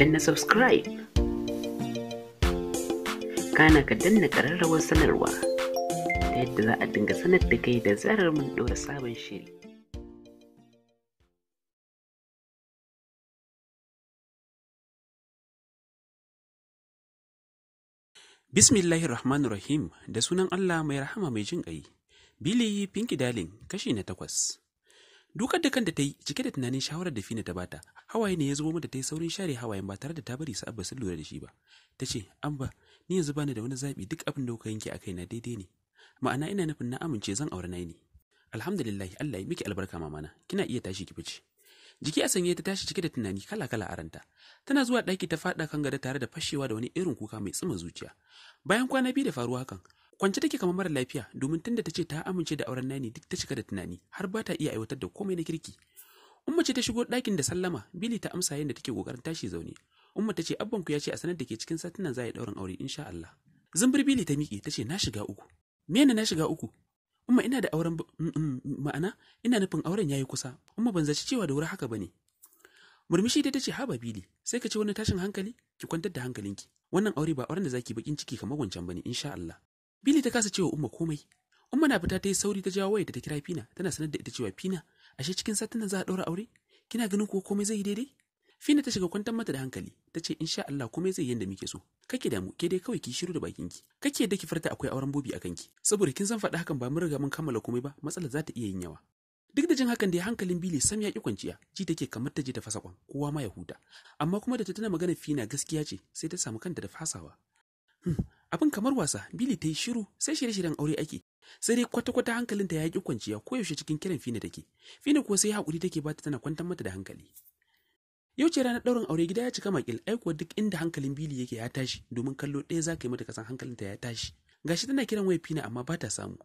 danna subscribe kana ka danna ƙararrawar sanarwa ta yadda za a dinga sanar da kai da zarar mun ɗora sabon shiri bismillahi rahmanu Rahim da sunan Allah mai rahama mai jin ƙai. Billy Pinky Darling kashi na takwas. Dukar da kanta ta yi cike da tunanin shawarar da Fina ta bata, hawaye ne ya zubo mata ta yi saurin share hawayen ba tare da ta bari su sun lura da shi ba. Ta ce, Amba, ni yanzu bani da wani zaɓi duk abin da kuka yanke a kaina daidai ne. Ma'ana ina nufin na amince zan aure nai ne. Alhamdulillah Allah ya miki albarka mamana, kina iya tashi ki fice. Jiki a sanye ta tashi cike da tunani kala-kala a ranta. Tana zuwa ɗaki ta faɗa kan gada tare da fashewa da wani irin kuka mai tsima zuciya. Bayan kwana biyu da faruwa hakan, kwance take kamar mara lafiya domin tunda ta ce ta amince da auren nani duk ta cika da tunani har ba ta iya aiwatar da komai na kirki umma ce ta shigo ɗakin da sallama bili ta amsa yadda take kokarin tashi zaune umma ta ce abban ya ce a sanar da ke cikin satinan za ya ɗaurin aure insha Allah zumbir bili ta miƙe ta ce na shiga uku mene na shiga uku umma ina da auren mm, mm, ma'ana ina nufin auren yayi kusa umma ban zaci cewa da wuri haka bane murmushi ta ce haba bili sai ka ce wani tashin hankali ki kwantar da hankalinki wannan aure ba auren da zaki bakin ciki kamar wancan bane insha Allah Bili ta kasa cewa Umma komai. Umma na fita ta yi sauri ta jawo waya da ta kira Fina tana sanar da ita cewa Fina ashe cikin satin za a ɗaura aure? Kina ganin ko komai zai yi daidai? Fina ta shiga kwantar mata da hankali ta ce insha Allah komai zai yanda muke so. Kake damu ke dai kawai ki shiru da ki Kake da ki farta akwai auren bobi a kanki saboda kin san faɗa hakan ba mun riga mun kammala komai ba matsalar za ta iya yin yawa. Duk da jin hakan da hankalin Bili sam ya ki kwanciya, ji take kamar ta je ta fasa kwan, kowa ma ya huta. Amma kuma da ta tana magana Fina gaskiya ce, sai ta samu kanta da fasawa. Hmm, Abin kamar wasa, Billy ta yi shiru sai shirye-shiryen aure ake. Sai dai kwata-kwata hankalinta ya ƙi kwanciya koyaushe cikin kiran Fina take. Fina kuwa sai haƙuri take bata tana kwantar mata da hankali. Yau ce ranar ɗaurin aure gida ya cika makil aikuwa duk inda hankalin Billy yake ya tashi domin kallo ɗaya za ka yi mata kasan hankalinta ya tashi. Gashi tana kiran waya Fina amma ba ta samu.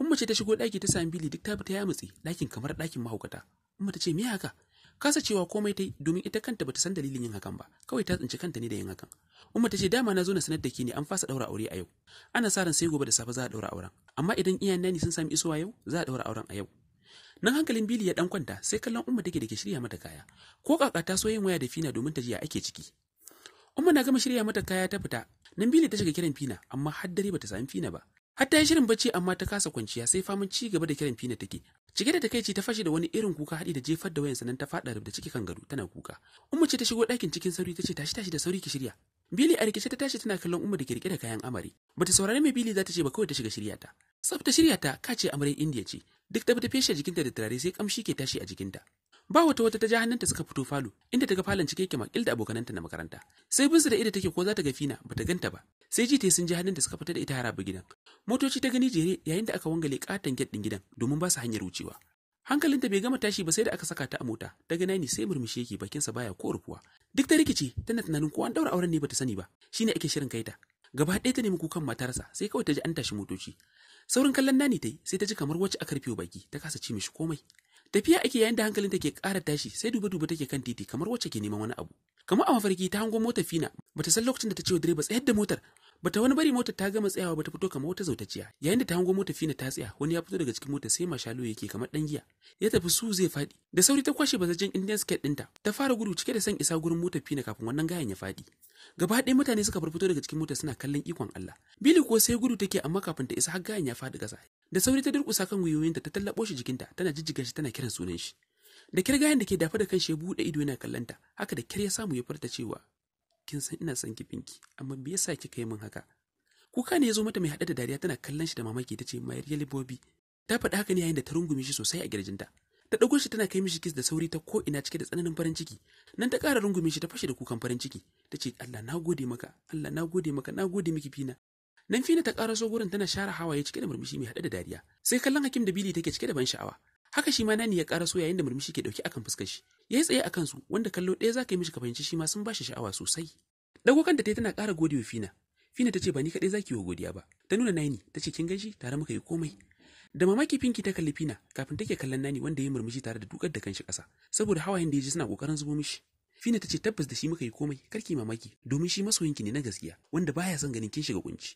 Umma ce ta shigo ɗaki ta sami bili duk ta fita ya mutsi ɗakin kamar ɗakin mahaukata. Umma ta ce me haka? Kasa cewa komai ta yi, domin ita kanta bata san dalilin yin hakan ba kawai ta tsinci kanta ne da yin hakan. Umma ta ce dama na zo na sanar da ke ne an fasa daura aure a yau. Ana sa ran sai gobe da safe za a daura auren. Amma idan iyayen nani sun sami isowa yau, za a daura auren a yau. Nan hankalin Bili ya dan kwanta sai kallon Umma take da ke shirya mata kaya. Ko kaka ta so yin waya da Fina domin ta ji a ake ciki. Umma na gama shirya mata kaya ta fita. Nan Bili ta shiga kiran Fina amma har dare bata sami Fina ba. Har ta yi shirin bacci amma ta kasa kwanciya sai fama ci gaba da kiran Fina take. cike da takaici ta fashe da wani irin kuka haɗi da jefar da wayansa nan ta faɗa rubda ciki kan gado tana kuka umma ce ta shigo ɗakin cikin sauri ta ce tashi tashi da sauri ki shirya Bili a rikice ta tashi tana kallon Umar da ke da kayan amari Bata saurari mai bili za ta ce ba kawai ta shiga shirya ta. Tsafta shirya ta ka ce amarai Indiya ce. Duk ta fita feshe jikinta da turare sai kamshi ke tashi a jikinta. Ba wata wata ta ja hannunta suka fito falo inda ta falon cike yake makil da abokananta na makaranta. Sai binsu da ita take ko za ta ga Fina bata ganta ba. Sai ji ta sun ji hannunta suka fita da ita haraba gidan. Motoci ta gani jere yayin da aka wangale katon gate din gidan domin ba su hanyar wucewa. Hankalinta bai gama tashi ba sai da aka saka ta a mota, daga nani sai murmushi yake bakinsa baya ko rufuwa. Duk ta rikici, tana tunanin ko an daura auren ne bata sani ba, shine ake shirin kaita Gaba ɗaya ta nemi kukan matarsa, sai kawai ta ji an tashi motoci. Saurin kallon nani ta yi, sai ta ji kamar wacce aka rufe baki, ta kasa ci mishi komai. Tafiya ake yayin da hankalinta ke ƙara tashi, sai duba-duba take kan titi kamar wacce ke neman wani abu. Kamar a mafarki ta hango motar Fina, bata san lokacin da ta ce wa direba tsayar da motar, bata wani bari motar ta gama tsayawa bata fito kamar wata zautaciya yayin da ta hango motar fina ta tsaya wani ya fito daga cikin motar sai mashalo yake kamar dan giya ya tafi su zai fadi da sauri ta kwashe bazajen indian skirt dinta ta fara gudu cike da san isa gurin motar fina kafin wannan gayan ya fadi gaba ɗaya mutane suka farfito daga cikin motar suna kallon ikon Allah bili ko sai gudu take amma kafin ta isa har gayan ya fadi kasa da sauri ta durƙusa kan gwiwoyinta ta tallabo shi jikinta tana jijjiga shi tana kiran sunan shi da kirgayen da ke dafa da shi ya buɗe ido yana kallanta haka da kyar ya samu ya furta cewa kin san ina son kifinki amma me yasa kika yi min haka kuka ne ya zo mata mai hada da dariya tana kallon shi da mamaki tace ce mayar yalibobi. ta faɗi haka ne yayin da ta rungume shi sosai a girjinta ta dago shi tana kai mishi kiss da sauri ta ko ina cike da tsananin farin ciki nan ta ƙara rungume shi ta fashe da kukan farin ciki ta ce Allah na gode maka Allah na gode maka na gode miki fina nan fina ta ƙara so gurin tana share hawaye cike da murmushi mai hada da dariya sai kallon hakim da bili take cike da ban sha'awa haka shi ma nani ya ƙara so yayin da murmushi ke ɗauki akan fuskar shi yi tsaye a kansu, wanda kallo ɗaya za ka yi mishi ka fahimci shi ma sun ba shi sha'awa sosai dago kanta yi tana ƙara godewa Fina Fina ta ce, ba ni kadai ki yi godiya ba ta nuna Nani ta ce kin ganshi tare muka yi komai da mamaki Pinki ta kalli Fina kafin take kallon Nani wanda ya yi murmushi tare da dukar da kanshi ƙasa saboda hawayen da ya ji suna ƙoƙarin zubo mishi Fina ta ce, tabbas da shi muka yi komai karki mamaki domin shi masoyinki ne na gaskiya wanda baya son ganin kin shiga kunci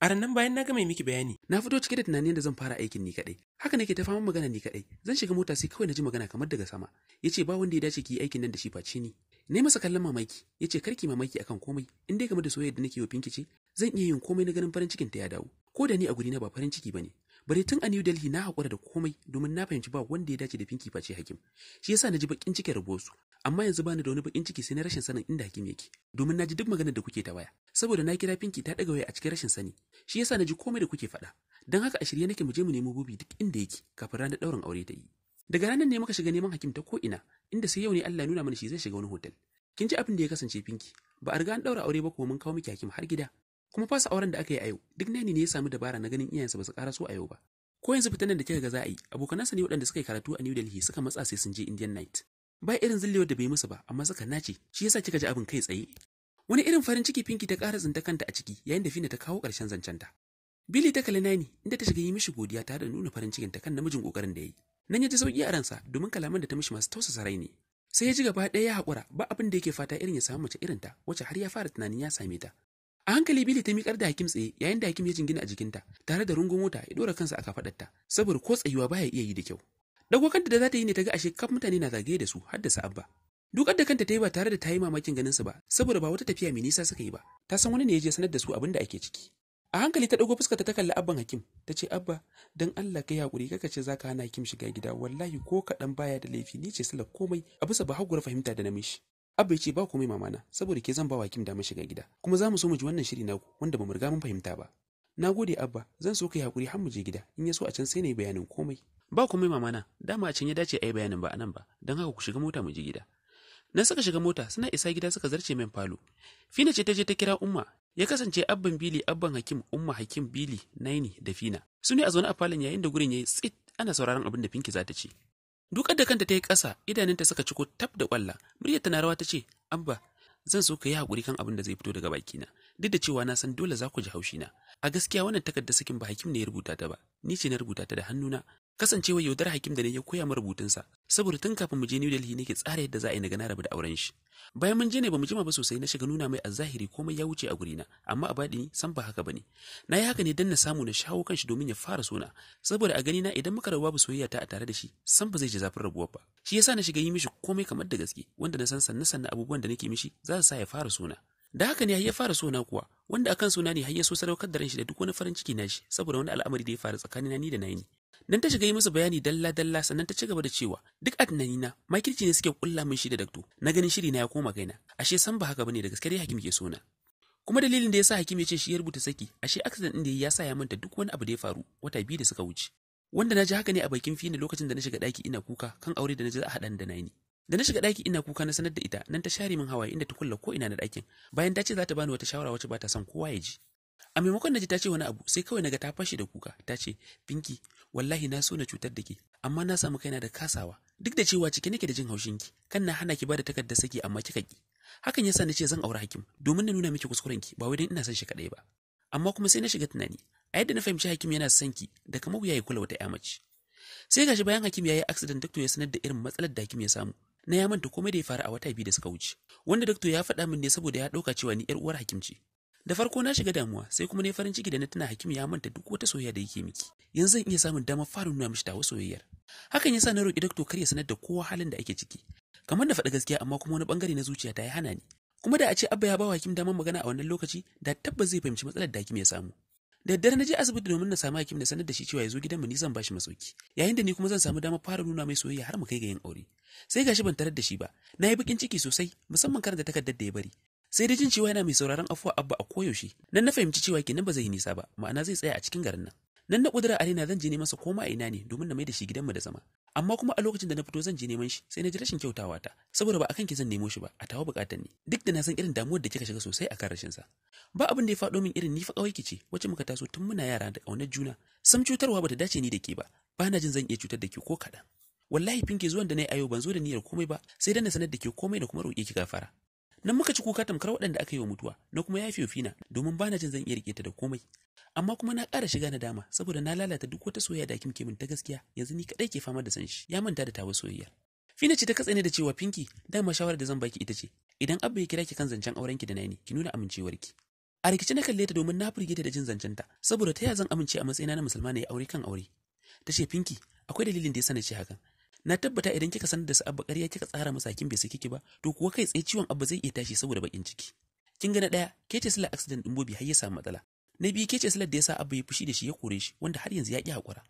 A rannan bayan na gama miki bayani, na fito cike da tunanin da zan fara aikin ni kadai. Haka nake ta fama magana ni kadai. Zan shiga mota sai kawai na ji magana kamar daga sama. Yace ba wanda ya dace ki yi aikin nan da shi face ni. Ne masa kallon mamaki, yace karki mamaki akan komai. In dai game da soyayya da nake yi pinki zan iya yin komai na ganin farin cikin ta ya dawo. Ko da ni a guri na ba farin ciki bane. Bare tun a New Delhi na hakura da komai domin na fahimci ba wanda ya dace da finki face Hakim. Shi yasa na ji bakin cikin rabo amma yanzu bani da wani bakin ciki sai na rashin sanin inda hakim yake domin naji duk maganar da kuke ta waya saboda na kira pinki ta daga waya a cikin rashin sani shi yasa naji komai da kuke fada dan haka a shirye nake mu je mu nemo bubi duk inda yake kafin ranar ɗaurin aure ta yi daga ranar ne muka shiga neman hakim ta ko ina inda sai yau ne Allah ya nuna mana shi zai shiga wani hotel kin ji abin da ya kasance pinki ba a riga an daura aure ba kuma mun kawo miki hakim har gida kuma fasa auren da aka yi a yau duk nani ne ya samu dabara na ganin iyayensa ba su ƙara so a yau ba ko yanzu fitanan da kika ga za a yi abokanansa ne waɗanda suka yi karatu a New Delhi suka matsa sai sun je Indian Night ba irin zillewar da bai musu ba amma suka nace shi yasa kika ji abin kai tsaye wani irin farin ciki pinki ta ƙara tsinta kanta a ciki yayin da fina ta kawo ƙarshen zancenta Billy ta kalli Nani inda ta shiga yi mishi godiya tare da nuna farin cikinta kan namijin kokarin da ya yi. Nan ya ji sauki a ransa domin kalaman da ta mishi masu tausasa rai ne. Sai ya ji gaba ɗaya ya haƙura ba abin da yake fata irin ya samu mace irin ta wacce har ya fara tunanin ya same ta. A hankali Billy ta miƙar da Hakim tsaye yayin da Hakim ya jingina a jikinta tare da rungun mota ya ɗora kansa a kafaɗarta saboda ko tsayuwa baya iya yi da kyau. dagwakar da za ta yi ne ta ga ashe mutane na zagaye da su har da sa'abba dukar da kanta ta yi ba tare da ta yi mamakin ganin ba saboda ba wata tafiya mai nisa suka yi ba ta san wani ne ya je sanar da su abin da ake ciki a hankali ta dago fuskar ta kalli abban hakim ta ce abba dan Allah ka yi hakuri kaka ce zaka hana hakim shiga gida wallahi ko kaɗan baya da laifi ni ce sala komai a bisa ba haƙura fahimta da na mishi abba ya ce ba komai mamana saboda ke zan ba wa hakim damar shiga gida kuma za mu so mu ji wannan shiri naku wanda ba mu riga mun fahimta ba na gode abba zan so ka yi hakuri har mu je gida in ya so a can sai na yi bayanin komai ba ku mai mamana dama a can ya dace a yi bayanin ba anan ba don haka ku shiga mota mu je gida na saka shiga mota suna isa gida suka zarce min falo fina ce ta je ta kira umma ya kasance abban bili abban hakim umma hakim bili naini da fina su ne a zaune a falon yayin da gurin ya yi tsit ana sauraron abin da finki za ta ce dukar da kanta ta yi kasa idanunta suka ciko tab da ƙwalla muryar ta na rawa ta ce abba zan so ka yi hakuri kan abin da zai fito daga bakina duk da cewa na san dole za ku ji haushi na a gaskiya wannan takarda sakin ba hakim ne ya rubuta ta ba ni ce na rubuta ta da hannuna kasancewa yaudar hakim da ne ya koya mu rubutunsa saboda tun kafin mu je New Delhi nake tsara yadda za a yi na gana rabu da auren shi bayan mun je ne bamu jima ba sosai na shiga nuna mai a zahiri komai ya wuce a guri na amma a baɗini san ba haka bane na yi haka ne dan na samu na shawo kan shi domin ya fara sona saboda a gani na idan muka rabu babu soyayya ta a tare da shi san ba zai ji zafin rabuwa ba shi yasa na shiga yi mishi komai kamar da gaske wanda na san sanna sanna abubuwan da nake mishi za su sa ya fara sona da haka ne ya fara sona kuwa wanda akan suna ne har ya so sadaukar da ranshi da duk wani farin ciki nashi saboda wani al'amari da ya faru tsakanin ni da nayi Nan ta shiga yi masa bayani dalla-dalla sannan ta ci da cewa duk adnanina makirci ne suke kulla min shi da dakto na ganin shiri na ya koma gaina, ashe san ba haka bane da gaskiya hakim ke sona Kuma dalilin da yasa hakim ya ce shi ya rubuta saki ashe accident din da ya sa ya manta duk wani abu da ya faru wata biyu da suka wuce. Wanda na ji haka ne a bakin fina lokacin da na shiga ɗaki ina kuka kan aure da na ji za a hadan da na Da na shiga daki ina kuka na sanar da ita nan ta share min hawaye inda ta kulla ko ina na dakin bayan ta ce za ta bani wata shawara wacce ba ta son kowa ya ji. a maimakon na ji ta ce wani abu sai kawai naga ta fashe da kuka ta ce binki wallahi na so na cutar da ke amma na samu kaina da kasawa duk da cewa cike nake da jin haushin ki kan na hana ki bada takardar saki amma kika ki hakan yasa ce zan auri hakim domin na nuna miki kuskuren ki ba wai dan ina son shi kadai ba amma kuma sai na shiga tunani a yadda na fahimci hakim yana son ki da kamar wuya ya kula wata ya mace sai gashi bayan hakim ya yi accident doctor ya sanar da irin matsalar da hakim ya samu na ya manta komai da ya faru a wata biyu da suka wuce wanda doctor ya faɗa min ne saboda ya ɗauka cewa ni yar uwar hakim ce da farko na shiga damuwa sai kuma ne farin ciki da na tuna hakim ya manta duk wata soyayya da yake miki yanzu zan iya samun damar fara nuna mishi tawa soyayyar hakan yasa na roki doctor kar ya sanar da kowa halin da ake ciki kamar na faɗa gaskiya amma kuma wani bangare na zuciya ta ya hana ni kuma da a ce abba ya ba hakim damar magana a wannan lokaci da tabbas zai fahimci matsalar da hakim ya samu da daddare na je asibiti domin na samu hakim da sanar da shi cewa ya zo gidanmu ni zan bashi masauki yayin da ni kuma zan samu damar fara nuna mai soyayya har mu kai ga yin aure sai gashi ban tarar da shi ba na yi bakin ciki sosai musamman karanta takardar da ya bari sai da jin cewa yana mai sauraron afuwa abba a koyaushe nan na fahimci cewa kenan ba zai yi nisa ba ma'ana zai tsaya a cikin garin nan nan na kudura arena zan je ne masa koma a ina ne domin na mai da shi gidanmu da zama amma kuma a lokacin da na fito zan je neman shi sai na ji rashin kyautawa ta saboda ba akan ki zan nemo shi ba a tawa bukatar ni duk da na san irin damuwar da kika shiga sosai akan rashin sa ba abin da ya faɗo min irin ni fa kawai ce wacce muka taso tun muna yara da kaunar juna sam cutarwa bata dace ni da ke ba ba na jin zan iya cutar da ke ko kaɗan wallahi finke zuwan da na yi ayo ban zo da niyyar komai ba sai dan na sanar da ke komai da kuma roƙe ki gafara nan muka ci kuka tamkar waɗanda aka yi wa mutuwa na kuma ya fiye fina domin bana jin zan iya rike ta da komai amma kuma na ƙara shiga na dama saboda na lalata duk wata soyayya da kimke min ta gaskiya yanzu ni kaɗai ke fama da san shi ya manta da tawa soyayya fina ce ta katse ne da cewa pinki dama shawarar da zan baki ita ce idan abba ya kira ki kan zancen auren ki da nani ki nuna amincewar ki a rikici na kalle ta domin na firgita da jin zancen ta saboda ta ya zan amince a matsayina na musulma na ya aure kan aure ta ce pinki akwai dalilin da ya sani ce hakan na tabbata idan kika sanar da su ƙarya kika tsara masa kin bai saki ki ba to kuwa kai tsaye ciwon abba zai iya tashi saboda bakin ciki kin ga na ɗaya ke ce sila accident din bobi har ya samu matsala na biyu ke ce silar da sa abba ya fushi da shi ya kore shi wanda har yanzu ya ƙi hakura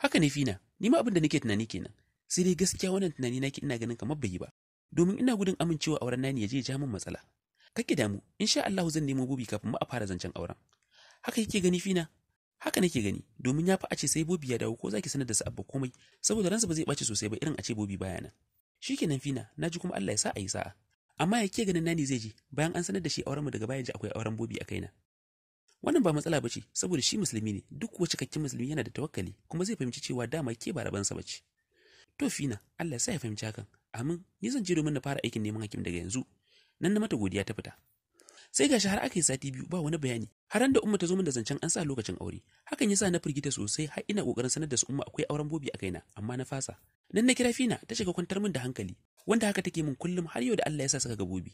haka ne fina ni ma abin da nake tunani kenan sai dai gaskiya wannan tunani naki ina ganin kamar bai yi ba domin ina gudun amincewa auren nani ya je ja min matsala kake damu insha Allah zan nemo bobi kafin mu a fara zancen auren haka yake gani fina haka nake gani domin ya fi a ce sai bobi ya dawo ko zaki sanar da su abba komai saboda ransa ba zai ɓace sosai ba irin a ce bobi baya nan shikenan fina na ji kuma Allah ya sa a yi sa'a amma ya ke ganin nani zai je bayan an sanar da shi auren mu daga baya ji akwai auren bobi a kaina wannan ba matsala ba ce saboda shi musulmi ne duk kuwa cikakken musulmi yana da tawakkali kuma zai fahimci cewa dama ke ba rabansa ce to fina Allah ya sa ya fahimci hakan amin ni zan je domin na fara aikin neman hakim daga yanzu nan na mata godiya ta fita sai gashi har aka yi sati biyu ba wani bayani har da umma ta zo min da zancen an sa lokacin aure hakan yasa na firgita sosai har ina kokarin sanar da su umma akwai auren bobi a kaina amma na fasa nan na kira fina ta shiga kwantar min da hankali wanda haka take min kullum har yau da Allah ya sa saka ga bobi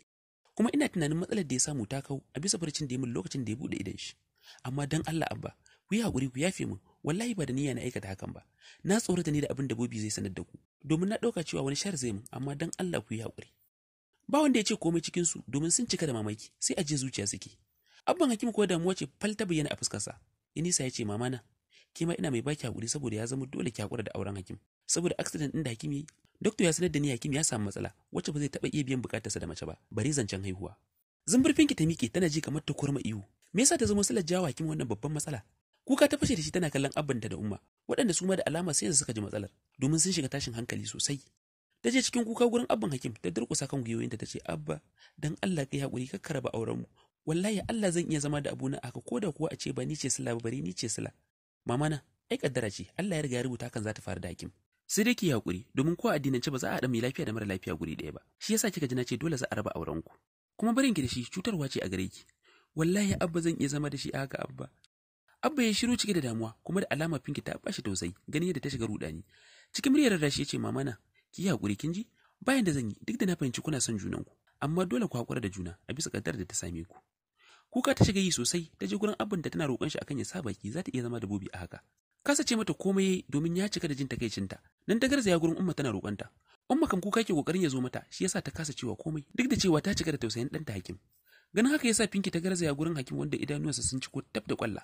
kuma ina tunanin matsalar da ya samu ta kau a bisa furcin da ya min lokacin da ya bude idan shi amma dan Allah abba ku yi hakuri ku yafe min wallahi ba da niyya na aikata hakan ba na tsorata ne da abin da bobi zai sanar da ku domin na dauka cewa wani shar zai min amma dan Allah ku yi hakuri ba wanda ya ce komai cikin su domin sun cika da mamaki sai a je zuciya suke abban hakim ko damuwa ce falta bayyana a fuskarsa inisa ya ce mama na ke ma ina mai baki hakuri saboda ya zama dole ki hakura da auren hakim saboda accident din da hakim yi doctor ya sanar da ni hakim ya samu matsala wacce ba zai taba iya biyan bukatarsa da mace ba bari zancen haihuwa zumbirfin ki ta mike tana ji kamar ta kurma ihu me yasa ta zama sallar jawa hakim wannan babban matsala kuka ta fashe da shi tana kallon abbanta da umma waɗanda su ma da alama sai yanzu suka ji matsalar domin sun shiga tashin hankali sosai ta je cikin kuka gurin abban hakim ta durƙusa kan gwiwoyinta ta ce abba dan Allah kai hakuri ka karaba auren mu wallahi Allah zan iya zama da abuna aka koda kuwa a ce ba ni ce sala ba bari ni ce sila mama na ai kaddara ce Allah ya riga ya rubuta kan za ta fara da hakim sidiki hakuri domin ko ce ba za a haɗa mai lafiya da mara lafiya guri ɗaya ba shi yasa kika ji na ce dole za a raba auren ku kuma barin ki da shi cutarwa ce a gare ki wallahi abba zan iya zama da shi aka abba abba ya shiru cike da damuwa kuma da alama pinki ta bashi tausayi ganin yadda ta shiga rudani cikin muryar rashi ya ce mamana ki yi haƙuri kin ji bayan da zan yi duk da na fahimci kuna son junanku amma dole ku haƙura da juna a bisa ƙaddar da ta same ku kuka ta shiga yi sosai ta je gurin abin da tana roƙon shi akan ya sa baki za ta iya zama da bobi a haka kasa ce mata komai domin ya cika da jin takaicinta nan ta garzaya gurin umma tana roƙonta umma kam kuka ke kokarin ya zo mata shi yasa ta kasa cewa komai duk da cewa ta cika da tausayin ɗanta hakim ganin haka yasa Pinky ta garzaya gurin hakim wanda idanuwansa sun ciko tab da kwalla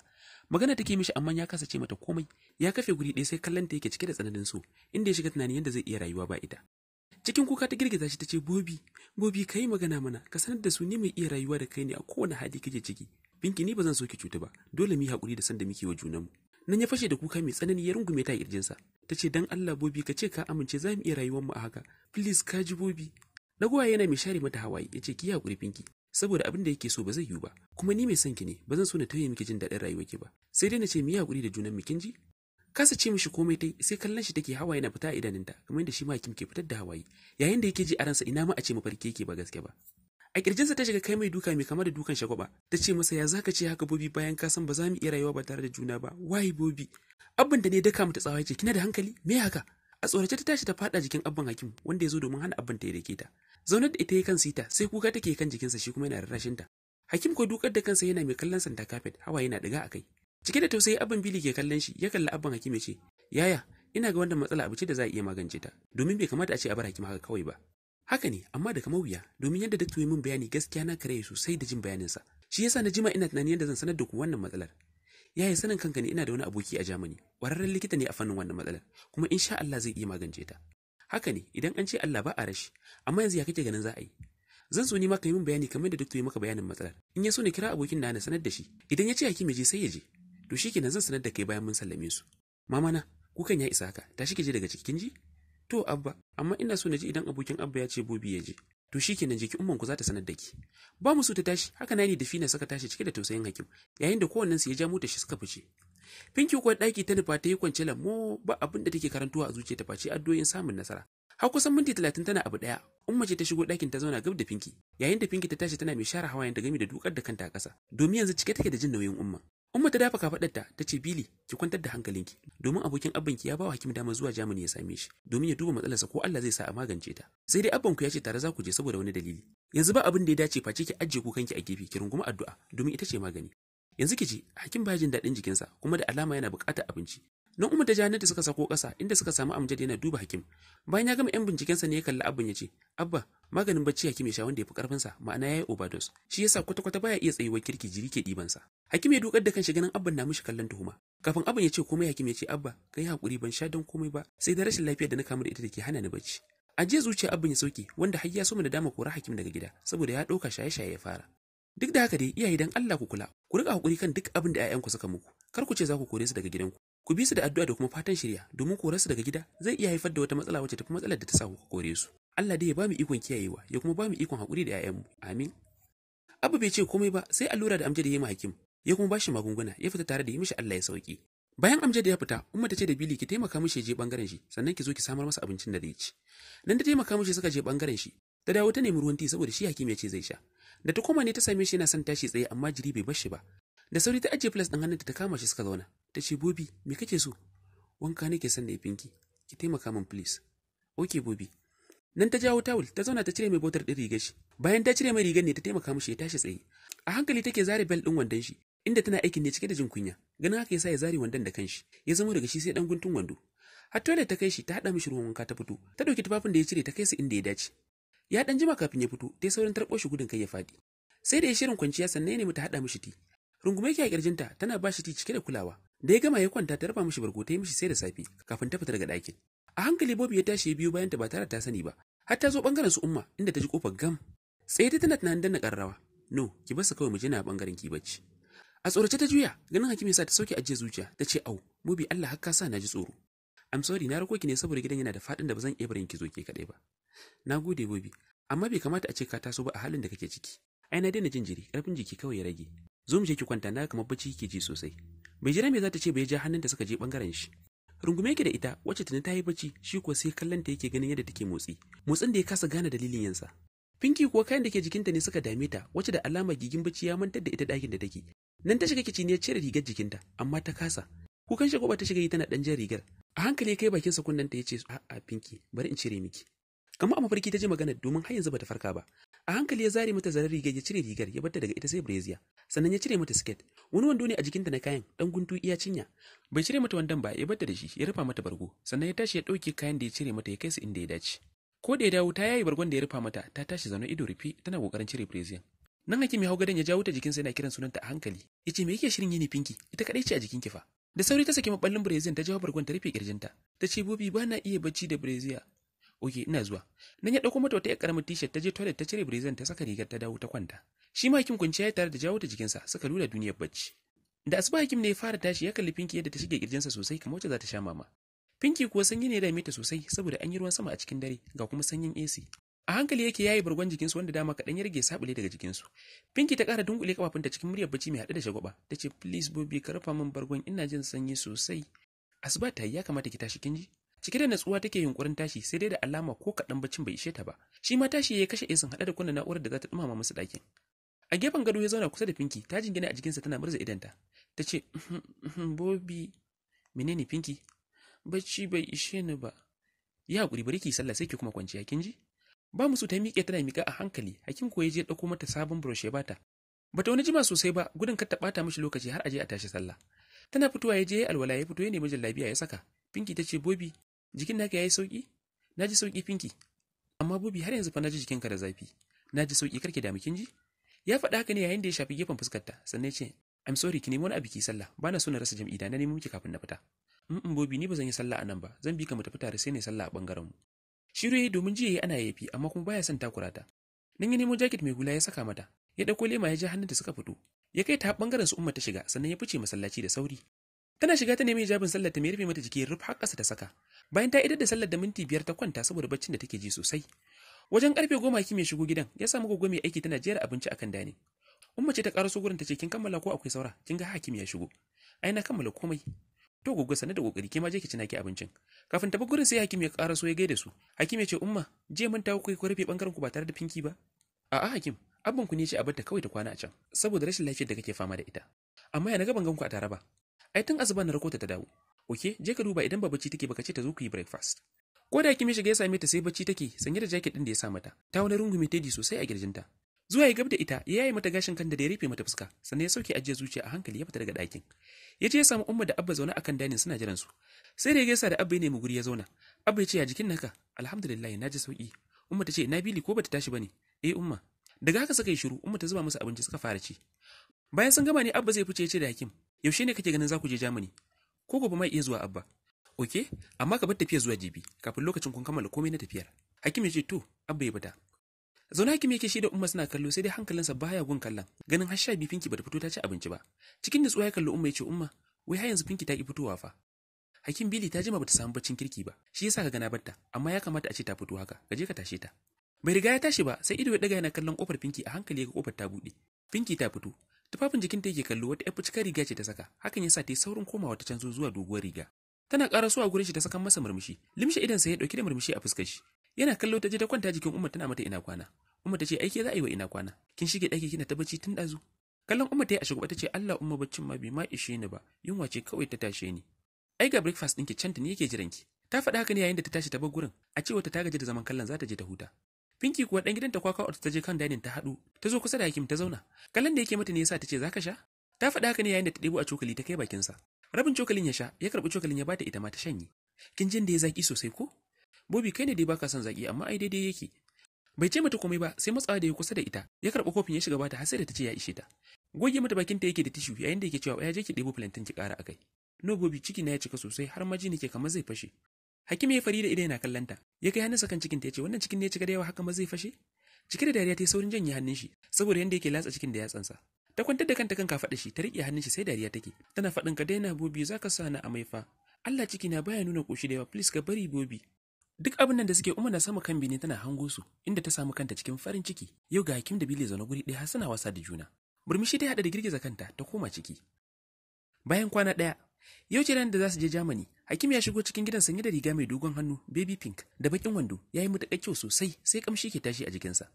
magana take mishi amma ya kasa mata komai ya kafe guri ɗaya sai kallon ta yake cike da tsananin so inda ya shiga tunanin yadda zai iya rayuwa ba ita cikin kuka ta girgiza shi ta ce bobi bobi yi magana mana ka sanar da su ni mai iya rayuwa da kai ne a kowane hali kake ciki Pinky ni ba zan so ki cuta ba dole mu yi hakuri da sanda muke wa junanmu nan ya fashe da kuka mai tsanani ya rungume ta a kirjinsa ta ce dan Allah bobi ka ce ka amince za mu iya rayuwarmu a haka please ka ji bobi Dagowa yana mai share mata hawaye ya ce ki hakuri Pinky saboda abin da yake so ba zai yiwu ba kuma ni mai son ki ne ba zan so na tauye miki jin daɗin rayuwar ki ba sai dai na ce mu yi hakuri da junan mu kinji kasa ce mishi komai tai sai kallon shi take hawaye na fita a idanunta kamar yadda shi ma Kim ke fitar da hawaye yayin da yake ji a ransa ina ma a ce farke yake ba gaske ba a kirjinsa ta shiga kai mai duka mai kama da dukan shagwaba ta ce masa ya zaka ce haka bobi bayan ka san ba za mu iya rayuwa ba tare da juna ba wai bobi abin da ne daka mata tsawaye ce kina da hankali me haka a tsorace ta tashi ta fada jikin abban hakim wanda ya zo domin hana abban ta ya dake ta zaune da ita kan sita sai kuka take kan jikinsa shi kuma yana rarrashin ta hakim ko dukar da kansa yana mai kallon santa kafet hawa yana diga a kai cike da tausayi abban bili ke kallon shi ya kalli abban hakim ya ce yaya ina ga wannan matsala abu ce da za a iya magance ta domin bai kamata a ce a bar hakim haka kawai ba haka ne amma da kamar wuya domin yadda ta yi min bayani gaskiya na kare sosai da jin bayaninsa shi yasa na jima ina tunanin yadda zan sanar da ku wannan matsalar yaya sanin kanka ne ina da wani aboki a Germany ƙwararren likita ne a fannin wannan matsalar kuma insha Allah zai iya magance ta haka ne idan an ce Allah ba a rashi amma yanzu ya kake ganin za a yi zan so ni maka yi min bayani kamar da doctor ya maka bayanin matsalar in ya so ne kira abokin na na sanar da shi idan ya ce ya kime je sai ya je to na zan sanar da kai bayan mun sallame su mama na kukan ya isa haka tashi ki je daga cikin ji to abba amma ina so na ji idan abokin abba ya ce bobi ya je to kenan jiki umman ku za ta sanar da ki ba mu so ta tashi haka na nani da fina saka tashi cike da tausayin hakim yayin da kowannen su ya ja mota shi suka fice Pinky ko ɗaki ta nufa ta yi kwance lammo ba abin da take karantuwa a zuciya ta face addu'o'in samun nasara. Har kusan minti talatin tana abu ɗaya, Umma ce ta shigo ɗakin ta zauna gab da finki. yayin da finki ta tashi tana mai share hawayen da gami da dukar da kanta a ƙasa, domin yanzu cike take da jin nauyin Umma. Umma ta dafa kafadarta ta ce Bili ki kwantar da hankalinki domin abokin abbanki ya bawa Hakim dama zuwa Germany ya same shi domin ya duba matsalarsa ko Allah zai sa a magance ta. Sai dai abbanku ya ce tare za ku je saboda wani dalili. Yanzu ba abin da ya dace face ki ajiye kukanki a gefe ki runguma addu'a domin ita ce magani. Yanzu ki ji Hakim baya jin daɗin jikinsa kuma da alama yana buƙatar abinci nan umar da jahannin suka sako ƙasa inda suka samu amjad yana duba hakim bayan ya gama yan bincikensa ne ya kalli abin ya ce abba maganin bacci hakim ya sha wanda ya fi karfinsa ma'ana ya yi overdose shi yasa kwata-kwata baya iya tsayuwa kirki jiri ke ɗibansa hakim ya dukar da kanshi ganin abin na mishi kallon tuhuma kafin abin ya ce komai hakim ya ce abba yi hakuri ban sha don komai ba sai da rashin lafiyar da na kama da ita da ke hana ni bacci a jiya zuciya abin ya sauke wanda har ya so da dama kora hakim daga gida saboda ya ɗauka shaye-shaye ya fara duk da haka dai iyaye dan Allah ku kula ku riƙa hakuri kan duk abin da 'ya'yanku suka muku kar ku ce za ku kore su daga gidanku ku bi su da addu'a da kuma fatan shirya domin korarsu daga gida zai iya haifar da wata matsala wacce tafi matsalar da ta sa ku kore su Allah dai ya ba mu ikon kiyayewa ya kuma ba mu ikon haƙuri da 'ya'yanmu amin Abu bai ce komai ba sai allura da ya da ma hakim ya kuma bashi magunguna ya fita tare da yi mishi Allah ya sauki bayan amjad da ya fita umma ta ce da Bili ki taimaka mishi je bangaren shi sannan ki zo ki samar masa abincin da zai ci nan da taimaka mishi suka je bangaren shi ta dawo ta nemi ruwan tea saboda shi hakim ya ce zai sha da ta koma ne ta same shi yana son tashi tsaye amma jiri bai bar shi ba da sauri ta ajiye plus ɗin hannunta ta kama shi suka zauna ta ce bobi me kake so wanka nake son na yi finki ki taimaka min please ok bobi nan ta jawo tawul ta zauna ta cire mai botar din rigar shi bayan ta cire mai rigar ne ta taimaka mishi ya tashi tsaye a hankali take zare bel ɗin wandon shi inda tana aikin ne cike da jin kunya ganin haka yasa ya zare wandon da kanshi ya zama daga shi sai dan guntun wando har toilet ta kai shi ta hada mishi ruwan wanka ta fito ta ɗauki tufafin da ya cire ta kai su inda ya dace ya ɗan jima kafin ya fito ta saurin tarɓo shi gudun kai ya faɗi sai da ya shirin kwanciya sannan ya nemi ta haɗa mishi tea rungume yake a kirjinta tana ba shi cike da kulawa da ya gama ya kwanta ta rufa mishi barko ta yi mishi sai da safe kafin ta fita daga ɗakin a hankali bobi ya tashi biyu bayan ta ba tare ta sani ba har ta zo bangaren su umma inda ta ji kofar gam tsaye ta tana tunanin danna karrawa no ki basa kawai mu je na bangaren ki bacci a tsorace ta juya ganin hakim ya sa ta sauke ajiye zuciya ta ce au bobi Allah har sa na ji tsoro I'm sorry na rako ki ne saboda gidan yana da fadin da ba zan iya barin ki zo ke kadai ba na gode bobi amma bai kamata a ce ka taso ba a halin da kake ciki ai na daina jin jiri karfin jiki kawai ya rage zo mu je ki kwanta na kamar bacci ki ji sosai bai jira me za ta ce bai ja hannunta suka je bangaren shi rungume ki da ita wacce tuni ta yi bacci shi kuwa sai kallon yake ganin yadda take motsi motsin da ya kasa gane dalilin yansa pinki kuwa kayan da ke jikinta ne suka dame ta wacce da alama gigin bacci ya mantar da ita ɗakin da take nan ta shiga kicin ya cire rigar jikinta amma ta kasa kukan shagoba ta shiga yi tana ɗan jan rigar a hankali kai bakin sa ta ya ce a'a pinki bari in cire miki kamar a mafarki ta ji magana domin har yanzu bata farka ba a hankali ya zare mata zarar rigar ya cire rigar ya bata daga ita sai breziya sannan ya cire mata siket wani wando ne a jikinta na kayan dan guntu iya cinya bai cire mata wandon ba ya bata da shi ya rufa mata bargo sannan ya tashi ya dauke kayan da ya cire mata ya kai su inda ya dace ko da ya dawo ta yayi bargon da ya rufa mata ta tashi zaune ido rufe tana kokarin cire breziyan nan mai hau gadon ya jawo ta jikinsa yana kiran sunanta a hankali ya ce me yake shirin yini pinki ita kadai ce a jikin kifa da sauri ta saki maballin ta jawo bargon ta rufe kirjinta ta ce bobi ba na iya bacci da breziya oke ina zuwa nan ya dauko mata wata yar t-shirt ta je toilet ta cire brizan ta saka rigar ta dawo ta kwanta shi ma hakim kwanciya ya tare da jawo ta jikinsa suka lura duniyar bacci da asuba hakim ne ya fara tashi ya kalli pinki yadda ta shige kirjinsa sosai kamar wacce za ta sha mama pinki kuwa sanyi ne ya dame ta sosai saboda an yi ruwan sama a cikin dare ga kuma sanyin AC a hankali yake yayi bargon jikinsu wanda dama kaɗan ya rage sabule daga jikinsu pinki ta ƙara dunkule kafafunta cikin muryar bacci mai haɗe da shagwaba ta ce please bobi ka rufa min bargon ina jin sanyi sosai asuba ta yi ya kamata ki tashi kin ji Cike da natsuwa take yunkurin tashi sai dai da alama ko kaɗan bacin bai ishe ta ba. Shi ma tashi ya kashe isin haɗe da kunna na'urar da za ta ɗumama musu ɗakin. A gefen gado ya zauna kusa da Pinky ta jingina a jikinsa tana murza idanta. Ta ce, uhm, uhm, Bobi, menene Pinky? Bacci bai ishe ni ba. Ya haƙuri bari ki sallah sai ki kuma kwanciya kin ji? Ba musu ta miƙe tana miƙa a hankali, hakim ko ya je ɗauko mata sabon brush ya bata. Bata wani jima sosai ba, gudun kar ta ɓata mishi lokaci har aje a tashi sallah. Tana fitowa ya je ya alwala ya fito ya nemi jallabiya ya saka. Pinky ta ce, Bobi, jikin naka yayi sauki na ji sauki finki amma bubi har yanzu fa na ji jikinka da zafi na ji sauki karki damu kin ji ya faɗa haka ne yayin da ya shafi gefen fuskarta sannan ya ce I'm sorry ki nemi wani abu ki sallah bana so na rasa jam'i da na nemi miki kafin na fita in bobi ni ba zan yi sallah a ba zan bi ka mu tafi tare sai ne sallah a bangaren mu shiru yayi domin jiya yayi ana yafi amma kuma baya son takura ta nan ya nemo jacket mai hula ya saka mata ya dauko lema ya ja hannunta suka fito ya kai ta bangaren su umma ta shiga sannan ya fice masallaci da sauri Tana shiga ta nemi hijabin sallar ta mai rufe mata jiki ruf har ƙasa ta saka. Bayan ta idar da sallar da minti biyar ta kwanta saboda baccin da take ji sosai. Wajen karfe goma ki mai shigo gidan ya samu gogo mai aiki tana jera abinci akan dani. Umma ce ta karaso gurin ta ce kin kammala ko akwai saura kin ga hakim ya shigo. Ai na kammala komai. To gogo sanar da kokari ke ma je ki cina abincin. Kafin ta gurin sai hakim ya so ya gaida su. Hakim ya ce umma je mun tawo kai ku rufe bangaren ku ba tare da finki ba. A'a hakim abin ku ne ce a ta kawai ta kwana a can saboda rashin lafiyar da kake fama da ita. Amma ya na gaban ganku a tare ba. ai tun asuba na rakota ta dawo oke je ka duba idan ba bacci take baka ce ta zo ku yi breakfast ko da kimi shiga ya same ta sai bacci take sanye da jacket din da ya sa mata ta wani rungume tedi sosai a girjinta zuwa ya gab da ita ya yi mata gashin kan da ya rufe mata fuska sannan ya sauke ajiye zuciya a hankali ya fita daga ɗakin ya ce ya samu umma da abba zaune akan dinin suna jiran su sai da ya gaisa da abba ya nemi guri ya zauna abba ya ce ya jikin naka alhamdulillah na ji sauki umma ta ce na bili ko bata tashi bane eh umma daga haka suka yi shiru umma ta zuba musu abinci suka fara ci bayan sun gama ne abba zai fice ya ce da hakim yaushe ne kake ganin za ku je Germany ko gobe mai iya zuwa abba oke amma ka bar tafiya zuwa jibi kafin lokacin kun kammala komai na tafiyar hakim ya ce to abba ya bada zaune hakim yake shi da umma suna kallo sai dai hankalinsa baya gun kallon ganin har sha biyu finki bata fito ta ci abinci ba cikin nutsuwa ya kalli umma ya ce umma wai har yanzu finki ta ki fitowa fa hakim bili ta jima bata samu baccin kirki ba shi yasa ka gana batta amma ya kamata a ce ta fito haka gaje ka tashe ta bai riga ya tashi ba sai ido ya daga yana kallon kofar finki a hankali ga kofar ta bude finki ta fito Tufafin jikinta yake kallo wata ‘yar fucikar riga ce ta saka, hakan ya ta yi saurin komawa ta canzo zuwa doguwar riga. Tana ƙara a gurin shi ta saka masa murmushi, limshe idan sai ya ɗauki da murmushi a fuskar shi. Yana kallo ta je ta kwanta jikin Umma tana mata ina kwana. Umma ta ce aiki za a yi wa ina kwana, kin shige ɗaki kina ta bacci tun ɗazu. Kallon Umma ta yi a shagwaba ta ce Allah Umma baccin ma bai ma ishe ni ba, yunwa ce kawai ta tashe ni. Ai ga breakfast ɗinki can ne yake jiranki. Ta faɗa haka ne yayin da ta tashi ta bar gurin, a cewa ta gaji da zaman kallon za ta je ta huta. Pinky kuwa dan gidanta kwakwa ta je kan dining ta haɗu, ta zo kusa da Hakim ta zauna. Kallon da yake mata ne yasa ta ce zaka sha? Ta faɗa haka ne yayin da ta ɗebo a cokali ta kai bakinsa. Rabin cokalin ya sha, ya karɓi cokalin ya bata ita ma ta shanye. Kin jin da ya zaki sosai ko? Bobi kai ne dai baka son zaki amma ai daidai yake. Bai ce mata komai ba sai matsawa da ya kusa da ita, ya karɓi kofin ya shiga bata har sai da ta ce ya ishe ta. Goge mata bakin ta yake da tishu yayin da yake cewa ya je ki ɗebo plantain ki ƙara akai. No Bobi ciki na ya cika sosai har maji nake kamar zai fashe. Hakim ya fari da ido yana ta. Ya kai hannunsa kan cikin ta ce wannan cikin ne cika da yawa haka ma zai fashe? Cike da dariya ta yi saurin janye hannun shi saboda yanda yake latsa cikin da yatsansa. Ta kwantar da kanta kan kafaɗa shi ta riƙe hannun shi sai dariya take. Tana faɗin ka daina bobi za ka sa na amai fa. Allah ciki na baya nuna ƙoshi da yawa please ka bari bobi. Duk abin nan da suke umma na sama kan bi ne tana hango su inda ta samu kanta cikin farin ciki. Yau ga Hakim da Bili zaune guri ɗaya har suna wasa da juna. Murmushi ta haɗa da girgiza kanta ta koma ciki. Bayan kwana ɗaya, Yau ce da za su je Germany, Hakim ya shigo cikin gidan sanye da riga mai dogon hannu, baby pink, da bakin wando, ya yi matuƙar kyau sosai, sai kamshi ke tashi a jikinsa.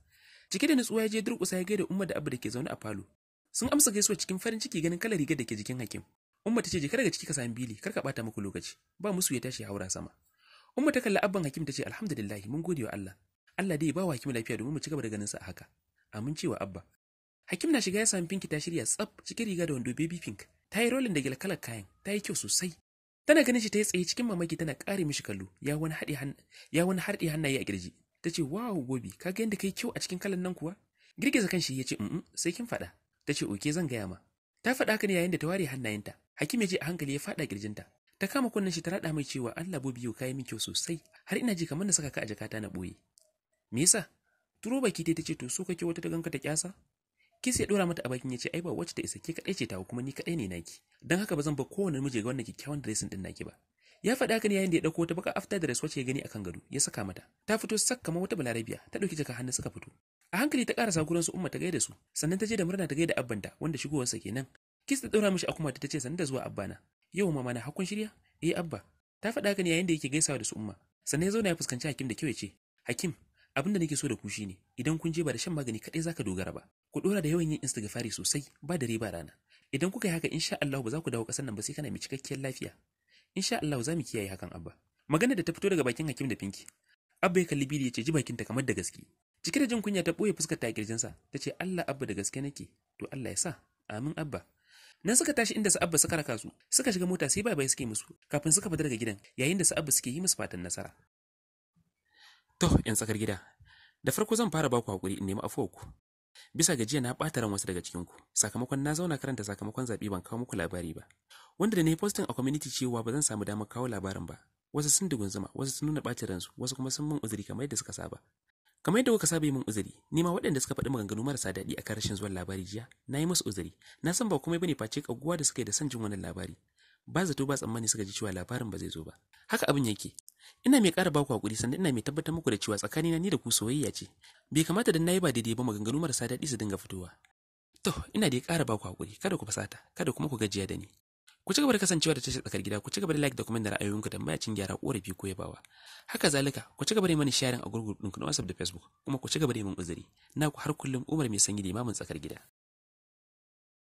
Cike da nutsuwa ya je durƙusa ya gaida Umma da Abba da ke zaune a falo. Sun amsa gaisuwa cikin farin ciki ganin kalar rigar da ke jikin Hakim. Umma ta ce jika daga ciki ka sami bili, kar ka bata muku lokaci. Ba musu ya tashi haura sama. Umma ta kalli Abban Hakim ta ce alhamdulillah mun gode wa Allah. Allah dai ba wa Hakim lafiya domin mu ci gaba da ganin sa a haka. Amin cewa Abba. Hakim na shiga ya sami Pinki ta shirya tsaf cikin riga da wando baby pink. ta yi rolin da gilkalar kayan ta yi kyau sosai tana ganin shi ta yi tsaye cikin mamaki tana ƙare mishi kallo ya wani haɗe hannaye a kirji ta ce wow bobi ka ga yadda kai kyau a cikin kalan nan kuwa girgiza kan shi ya ce mm sai kin faɗa ta ce oke zan gaya ma ta faɗa ka ne yayin da ta ware hannayenta hakim ya je a hankali ya faɗa kirjinta ta kama kunnen shi ta raɗa mai cewa Allah bobi yau kayi min kyau sosai har ina ji kamar na saka ka a jakata na ɓoye me yasa turo baki ta ce to so kake wata ta ganka ta kyasa kisa ya dora mata a bakin ya ce ai ba wacce ta isa ke kadai ce ta kuma ni kadai ne naki dan haka ba zan ba kowane miji ga wannan kyakkyawan dressing din naki ba ya faɗa haka ne yayin da ya dauko ta baka after dress wacce ya gani akan gado ya saka mata ta fito sak kamar wata balarabiya ta dauki jaka hannu suka fito a hankali ta karasa guran su umma ta gaida su sannan ta je da murna ta gaida abbanta wanda shigowarsa kenan kis ta dora mishi akuma ta ce sannan da zuwa abbana yau mama na hakun shirya eh abba ta faɗa haka ne yayin da yake gaisawa da su umma sannan ya zauna ya fuskanci hakim da kyau ya ce hakim abin da nake so da ku shine idan kun je ba da shan magani kadai zaka dogara ba ku dora da yawan yin istighfari sosai ba dare ba rana idan kuka yi haka insha Allah ba za ku dawo kasar nan ba sai kana mai cikakkiyar lafiya insha Allah za mu kiyaye hakan abba magana da ta fito daga bakin hakim da pinki abba ya kalli bidi ya ce ji bakinta kamar da gaske cike da jin kunya ta boye fuskar ta kirjinsa ta ce Allah abba da gaske nake to Allah ya sa amin abba nan suka tashi inda su abba suka raka su suka shiga mota sai bai suke musu kafin suka fita daga gidan yayin da su abba suke yi musu fatan nasara to yan tsakar gida da farko zan fara baku hakuri in nemi afuwar ku Bisa gajiya na ɓata ran wasu daga cikin ku, sakamakon na zauna karanta sakamakon zaɓe ban kawo muku labari ba. Wanda da na yi postin a community cewa ba zan samu damar kawo labarin ba. Wasu sun zama wasu sun nuna ɓacin ransu, wasu kuma sun min uzuri kamar yadda suka saba. kamar yadda kuka saba min uzuri ni ma waɗanda suka faɗi maganganu marasa daɗi a kan rashin zuwan labari jiya na yi musu uzuri na san ba komai bane face kaguwa da suka yi da son jin wannan labari ba zato ba tsammani suka ji cewa labarin ba zai zo ba haka abin yake ina mai ƙara baku hakuri sannan ina mai tabbatar muku da cewa tsakanina ni da ku soyayya ce bai kamata na nayi ba daidai ba maganganu marasa daɗi su dinga fitowa to ina da ƙara baku hakuri kada ku fasata kada kuma ku gajiya da ni ku ci gaba da kasancewa da tashar tsakar gida ku ci gaba da like da comment da ra'ayoyinku da mayacin gyara korafi ko yabawa haka zalika ku ci gaba da mani sharing a group na WhatsApp da Facebook kuma ku ci gaba da yin uzuri na ku har kullum Umar mai sanyi da imamin tsakar gida